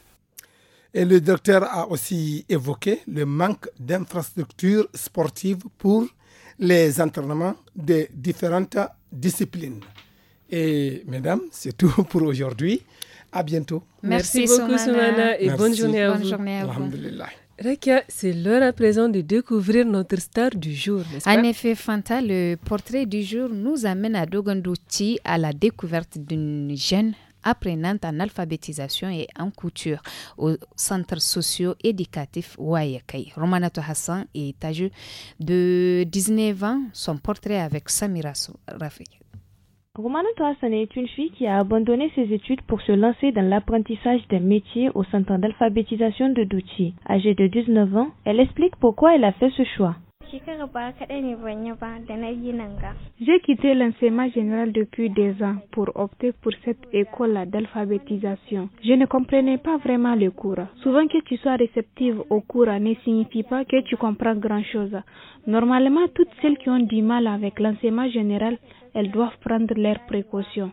Et le docteur a aussi évoqué le manque d'infrastructures sportives pour les entraînements des différentes disciplines. Et mesdames, c'est tout pour aujourd'hui. À bientôt. Merci, beaucoup, Soumana, et bonne journée à Bonne journée Rekia, c'est l'heure à présent de découvrir notre star du jour, nest En effet, Fanta, le portrait du jour nous amène à Dogondouti à la découverte d'une jeune apprenante en alphabétisation et en couture au centre socio-éducatif Wayakai. Romanato Hassan est âgée de 19 ans. Son portrait avec Samira Rafiq. Romana Toasson est une fille qui a abandonné ses études pour se lancer dans l'apprentissage des métiers au centre d'alphabétisation de Douchi. Âgée de 19 ans, elle explique pourquoi elle a fait ce choix. J'ai quitté l'enseignement général depuis des ans pour opter pour cette école d'alphabétisation. Je ne comprenais pas vraiment le cours. Souvent que tu sois réceptive au cours ne signifie pas que tu comprends grand-chose. Normalement, toutes celles qui ont du mal avec l'enseignement général elles doivent prendre leurs précautions.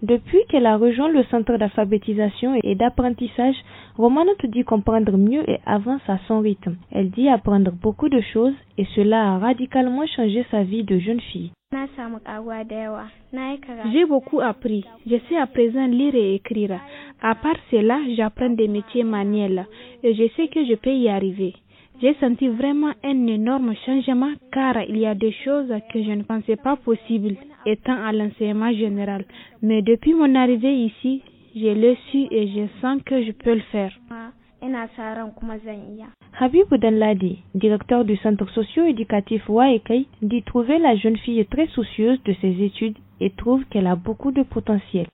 Depuis qu'elle a rejoint le centre d'alphabétisation et d'apprentissage, Romana te dit comprendre mieux et avance à son rythme. Elle dit apprendre beaucoup de choses et cela a radicalement changé sa vie de jeune fille. E J'ai beaucoup appris. Je sais à présent lire et écrire. À part cela, j'apprends des métiers manuels et je sais que je peux y arriver. J'ai senti vraiment un énorme changement car il y a des choses que je ne pensais pas possibles étant à l'enseignement général. Mais depuis mon arrivée ici, je le suis et je sens que je peux le faire. Habib Danladi, directeur du centre socio-éducatif Waekai, dit trouver la jeune fille très soucieuse de ses études et trouve qu'elle a beaucoup de potentiel.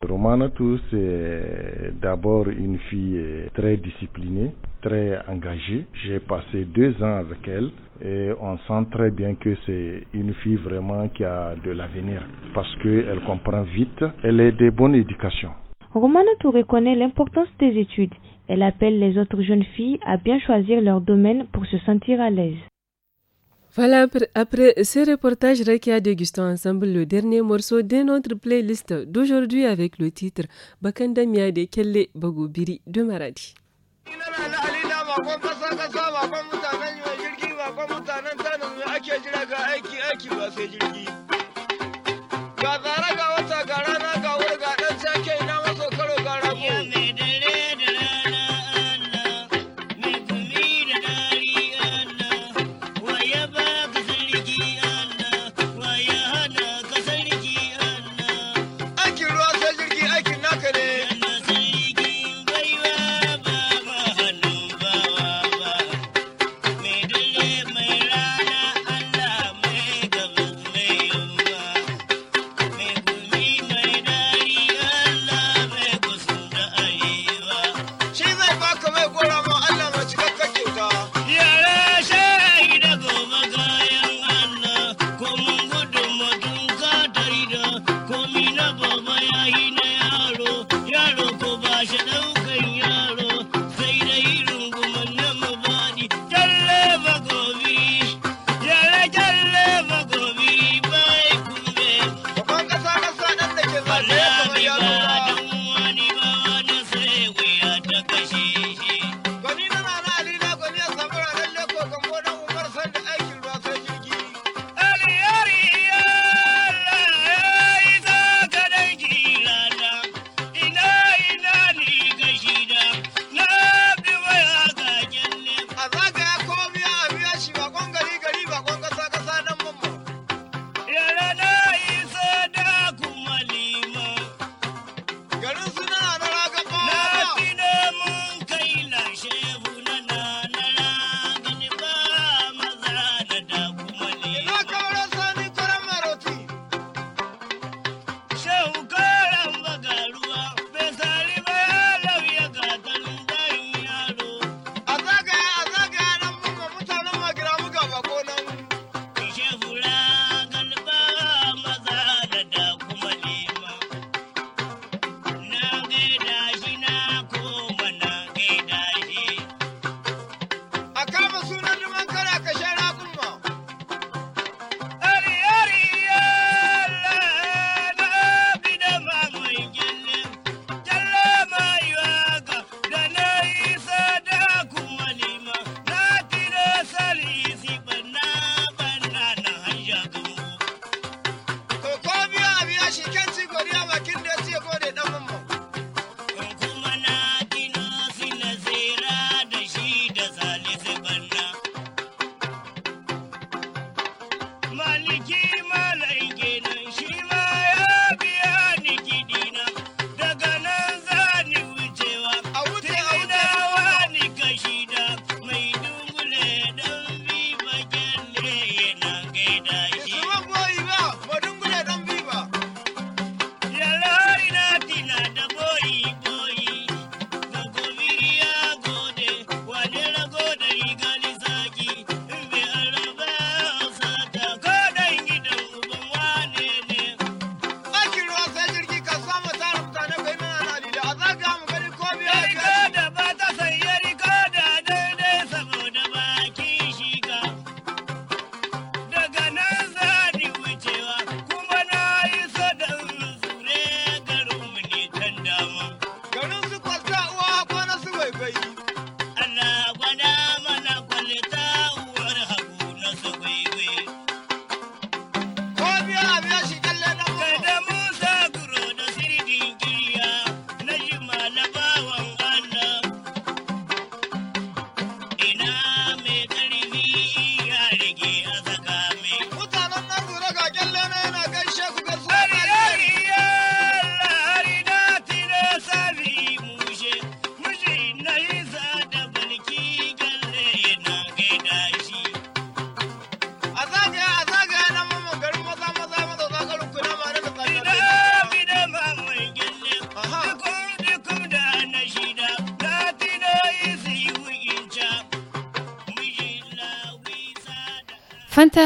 tous c'est d'abord une fille euh, très disciplinée, très engagée. J'ai passé deux ans avec elle et on sent très bien que c'est une fille vraiment qui a de l'avenir parce qu'elle comprend vite. Elle est de bonne éducation. Romanatou reconnaît l'importance des études. Elle appelle les autres jeunes filles à bien choisir leur domaine pour se sentir à l'aise. Voilà, après ce reportage Rekia dégustons ensemble le dernier morceau de notre playlist d'aujourd'hui avec le titre Bakanda de Kelle Bagobiri de Maradi.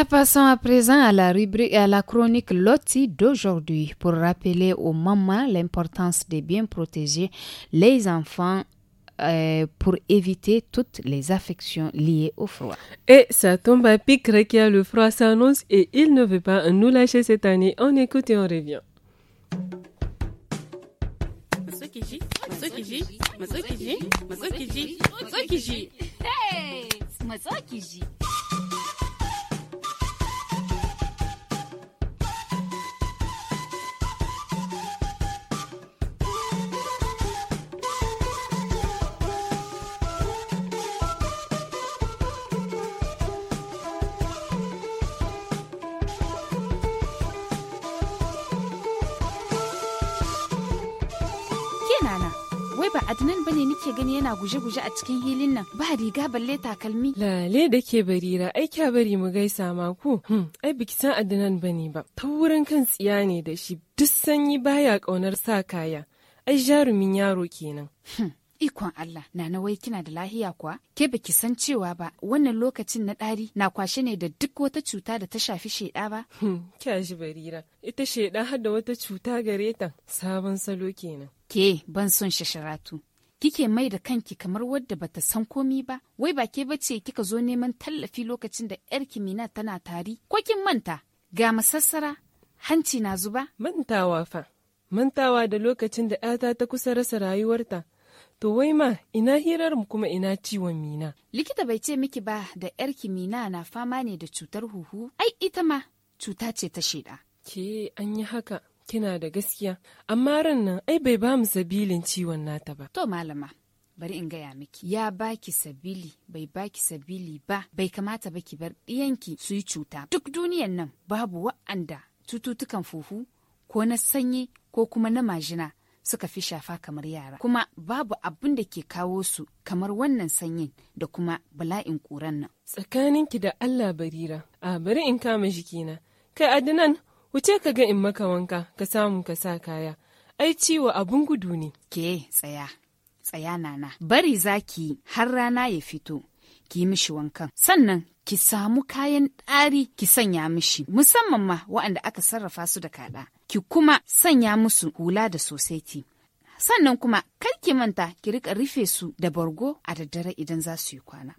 passons à présent à la rubrique à la chronique Loti d'aujourd'hui pour rappeler aux mamans l'importance de bien protéger les enfants euh, pour éviter toutes les affections liées au froid. Et ça tombe à pic, Rekia, le froid s'annonce et il ne veut pas nous lâcher cette année. On écoute et on revient. Hey kake gani yana guje-guje a cikin hilin nan ba riga balle takalmi. Lale da ke barira ai kya bari mu gaisa ma ku. Hmm, ai biki san Adnan bane ba. Ta wurin kan tsiya ne da shi duk sanyi baya kaunar sa kaya. Ai jarumin yaro kenan. Hmm, ikon Allah, na nawai kina da lahiya kuwa? Ke baki san cewa ba, wannan lokacin na ɗari na kwashe ne da duk wata cuta da ta shafi sheɗa ba? Hmm, kya shi barira, ita sheɗa har da wata cuta gare ta sabon salo kenan. Ke ban son shasharatu. kike mai da kanki kamar wadda bata san komi ba wai ba ke bace kika zo neman tallafi lokacin da yar kimina tana tari ko kin manta ga masassara hanci na zuba mantawa fa mantawa da lokacin da yata ta kusa rasa rayuwarta to wai ma ina hirar mu kuma ina ciwon mina likita bai ce miki ba da yar kimina na fama ne da cutar huhu ai ita ma cuta ce ta shida ke an yi haka Kina da gaskiya, amma ran nan ai bai ba mu sabilin ciwon nata ba. To malama, bari in gaya miki ya baki sabili bai baki sabili ba bai kamata ba ki bar ɗiyanki su yi cuta duk duniyan nan babu wa'anda cututtukan fuhu ko na sanyi ko kuma na majina suka fi shafa kamar yara kuma babu abin da ke kawo su kamar wannan sanyin da kuma bala'in ƙuran nan tsakaninki da allah barira a bari in kama jikina kai adinan Wuce ka ga in maka wanka ka samu ka sa kaya. Ai ciwo abun gudu ne. Ke tsaya, tsaya nana. Bari zaki har rana ya fito. Ki mishi wankan. Sannan ki samu kayan ɗari ki sanya mishi musamman ma waɗanda aka sarrafa su da kaɗa ki kuma sanya musu hula da sosaiti sannan kuma kar ki manta ki rika rufe su da bargo a daddare idan za su yi kwana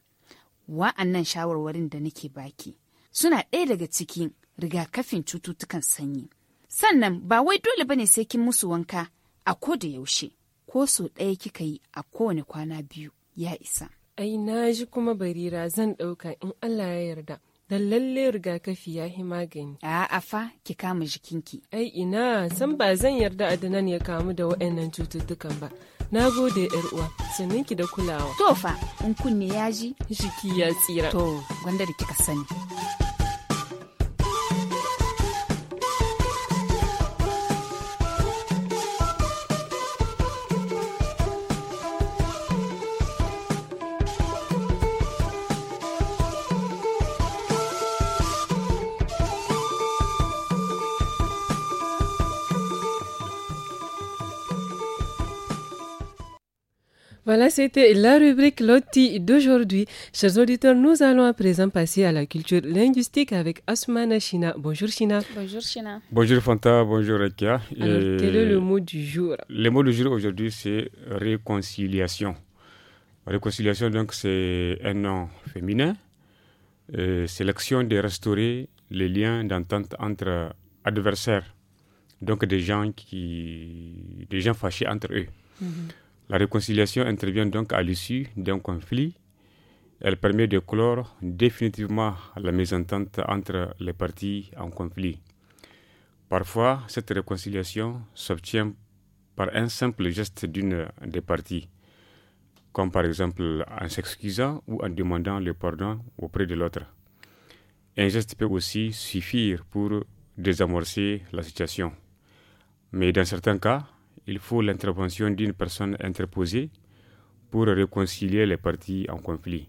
wa'annan shawarwarin da nake baki suna ɗaya daga cikin rigakafin cututtukan sanyi. Sannan ba wai dole bane sai kin musu wanka a ko da yaushe, ko so ɗaya kika yi a kowane kwana biyu ya isa. Ai na ji kuma barira zan ɗauka in Allah ya yarda. Dan lalle rigakafi ya yi magani. A'a fa ki kama jikinki. Ai ina san ba zan yarda Adnan ya kamu da waɗannan cututtukan ba. Na gode yar uwa, sannin ki da kulawa. To fa, in kunne ya ji? Jiki ya tsira. To, gwanda da kika sani. Voilà, c'était la rubrique Lotti d'aujourd'hui. Chers auditeurs, nous allons à présent passer à la culture linguistique avec Asmana China. Bonjour China. Bonjour China. Bonjour Fanta, bonjour Rekia. Alors, quel est le mot du jour Le mot du jour aujourd'hui, c'est réconciliation. Réconciliation, donc, c'est un nom féminin. C'est l'action de restaurer les liens d'entente entre adversaires, donc des gens, qui, des gens fâchés entre eux. Mhm. La réconciliation intervient donc à l'issue d'un conflit. Elle permet de clore définitivement la mésentente entre les parties en conflit. Parfois, cette réconciliation s'obtient par un simple geste d'une des parties, comme par exemple en s'excusant ou en demandant le pardon auprès de l'autre. Un geste peut aussi suffire pour désamorcer la situation. Mais dans certains cas, il faut l'intervention d'une personne interposée pour réconcilier les parties en conflit.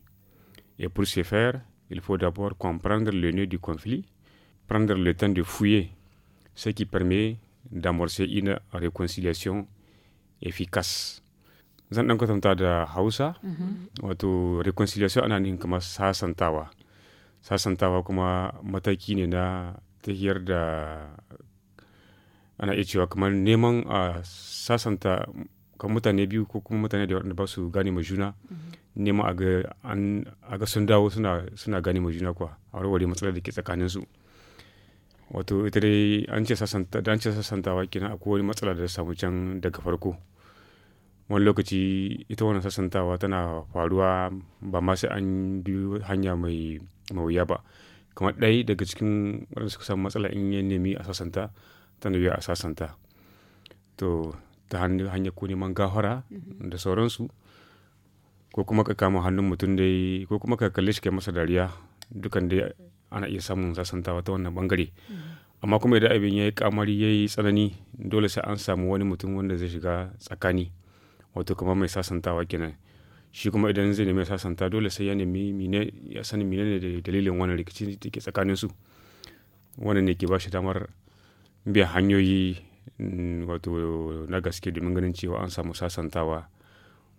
Et pour ce faire, il faut d'abord comprendre le nœud du conflit, prendre le temps de fouiller, ce qui permet d'amorcer une réconciliation efficace. zan da hausa mhm. wato reconciliation ana kuma ne na da ana iya cewa kamar neman a sasanta kan mutane biyu ko kuma mutane da waɗanda ba su gane ma juna mm-hmm. neman a ga sun dawo suna gane ma juna kuwa a warware matsalar da ke tsakaninsu wato ita dai an ce sasanta da an ce wa kenan akwai wani matsala da samu can daga farko wani lokaci ita wannan sasantawa tana faruwa ba ma sai an biyu hanya mai mawuya ba kamar ɗaya daga cikin waɗanda suka samu matsala in ya nemi a sasanta tana yiwu a sasanta to ta hanyar ko neman gahara mhm. da sauransu ko kuma ka kama hannun mutum dai ko kuma ka kalle shi kai masa dariya dukan dai ana iya samun sasanta ta wannan bangare mhm. amma kuma idan abin ya yi kamari ya yi tsanani dole sai an samu wani mutum wanda zai shiga tsakani wato kamar mai sasantawa kenan shi kuma idan zai nemi sasanta dole sai ya nemi ya sani ne da dalilin wani rikici da ke tsakanin su wannan ne ke ba shi damar biya hanyoyi mm, wato na gaske domin ganin cewa an samu sasantawa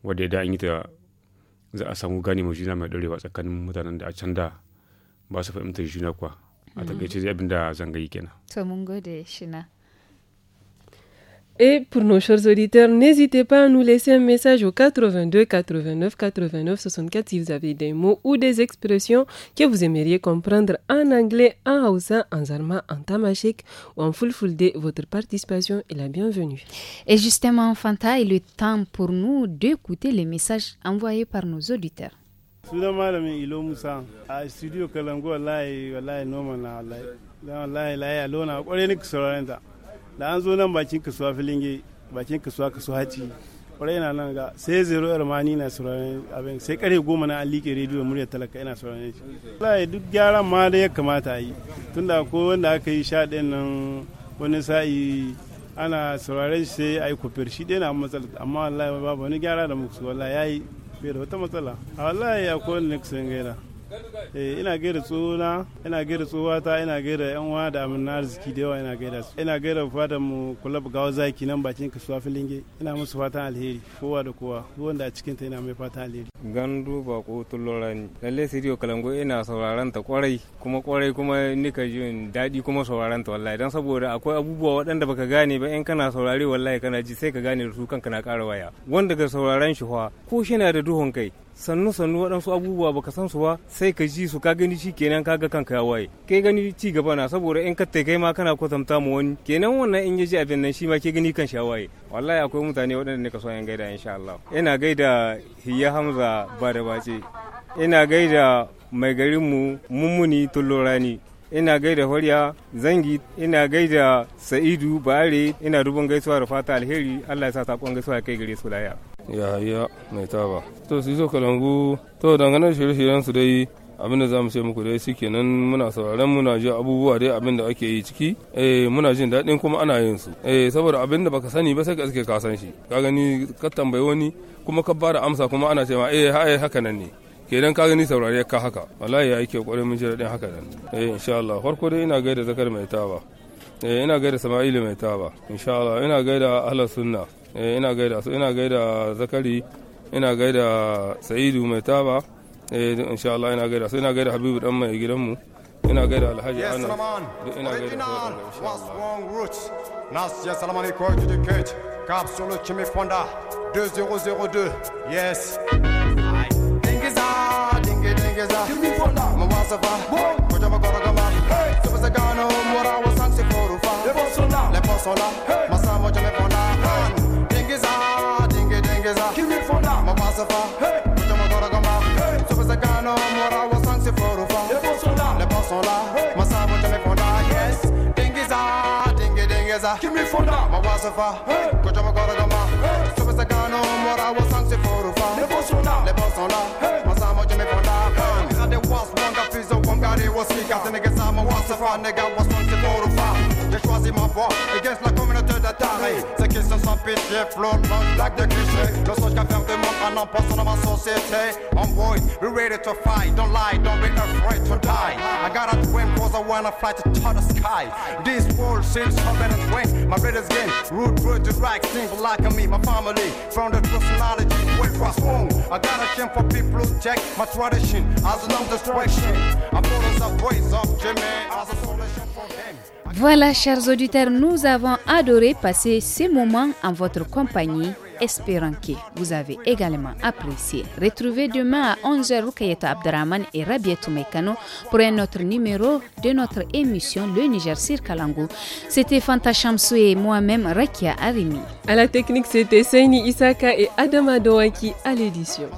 wadda da an yi ta za a samu gane mai juna mai ɗorewa tsakanin mutanen da a can da ba su fahimtar juna kuwa a mm. takaice zai abin da zan gayi kenan. to mun gode shina. Et pour nos chers auditeurs, n'hésitez pas à nous laisser un message au 82 89 89 64 si vous avez des mots ou des expressions que vous aimeriez comprendre en anglais, en hausa, en zarma, en tamashek ou en fulfulde. Votre participation est la bienvenue. Et justement, Fanta, il est temps pour nous d'écouter les messages envoyés par nos auditeurs. da an zo nan bakin kasuwa filinge bakin kasuwa kasuwa haci kwarai na nan ga sai zero armani na sauraron abin sai kare goma na allike rediyo muryar talaka ina sauraron shi wallahi duk gyaran ma da ya kamata a yi tunda ko wanda aka yi sha ɗin nan wani sa'i ana sauraron shi sai a yi kufir shi ɗaya na matsala amma wallahi babu wani gyara da muku wallahi ya yi bai da wata matsala wallahi ya wani nixon gaira Eh, ina gaida tsohona ina gaida tsohuwata ina gaida yan uwa da amina arziki da yawa ina gaida su ina gaida fatan mu kulab gawa zaki nan bakin kasuwa filinge ina musu fatan alheri kowa da kowa wanda a cikin ta ina mai fatan alheri gandu bako tullorani lalle siriyo kalango ina sauraron ta kwarai kuma kwarai kuma nika jin daɗi kuma sauraron ta wallahi don saboda akwai abubuwa waɗanda baka gane ba in kana saurare wallahi kana ji sai ka gane da su kanka na ƙara waya wanda ga sauraron shi ko shi na da duhun kai sannu sannu waɗansu abubuwa ba ka san su ba sai ka ji su ka gani shi kenan ka ga kanka ya waye kai gani ci gaba na saboda in ka kai ma kana kwatanta mu wani kenan wannan in ya ji abin nan shi ma ke gani kan sha waye wallahi akwai mutane waɗanda ne ka so yan gaida insha Allah ina gaida Hiya Hamza ba da bace ina gaida mai garin mu mummuni tullorani ina gaida horiya zangi ina gaida sa'idu bare ina duban gaisuwa da fata alheri allah ya sa saƙon gaisuwa kai gare su laya Yahaya mai taba. To su so kalangu to dangane shirye-shiryen su dai abin da za mu ce muku dai shi kenan muna sauraron muna ji abubuwa dai abin da ake yi ciki eh muna jin daɗin kuma ana yin su eh saboda abin da baka sani ba sai ka iske ka san shi ka gani ka tambayi wani kuma ka bada amsa kuma ana cewa eh ha eh, haka nan ne kenan ka gani saurare ka haka wallahi ya yake kokarin mun ji daɗin haka nan eh insha Allah farko dai ina gaida zakar mai taba eh ina gaida sama'ilu mai taba insha Allah ina gaida ahlus sunna Eh, ina gaida su ina gaida zakari ina gaida sa'idu mai taba eh, insha Allah ina gaida su ina gaida habibu dan mai gidanmu ina gaida alhaji ana duk ina gaida su Nasya Salamani Koyucu Dükkeç Kapsulu Kimi Fonda 2002 Yes Dingiza Dingi Dingiza Kimi Fonda Mavasafa Kocama Korogama Sıfıza Gano Mora Vasansi Korufa Leposola Leposola Hey Kosovo. Hey. Będziemy do Hey. mora, Hey. Masa fonda. Yes. dingi dingiza. Give me fonda. Ma wasofa. Hey. Będziemy do Rogomba. Hey. Co wyzagano, mora, łosancy forufa. Lepo są la. Lepo są la. Hey. Masa fonda. Hey they was wanga fizo guy. they was sika the niggas I'm a wasa fa nigga was once to go to far j'ai choisi ma voix against la communauté de tarés ceux qui se sont pitié flotte like the cliché. le songe qu'à faire de moi en en pensant dans ma société homeboy we ready to fight don't lie don't be afraid to die I got a win cause I wanna fly to touch the sky this world seems so better when my brother's game root root to right simple like me my family from the personality way cross home I got a change for people who check my tradition as long Voilà, chers auditeurs, nous avons adoré passer ces moments en votre compagnie. Espérant que vous avez également apprécié. Retrouvez demain à 11h Rukayeta Abdraman et Rabietou Mekano pour un autre numéro de notre émission Le Niger sur C'était Fanta Chamsou et moi-même Rakia Arimi. À la technique, c'était Saini Isaka et Adama Doaki à l'édition.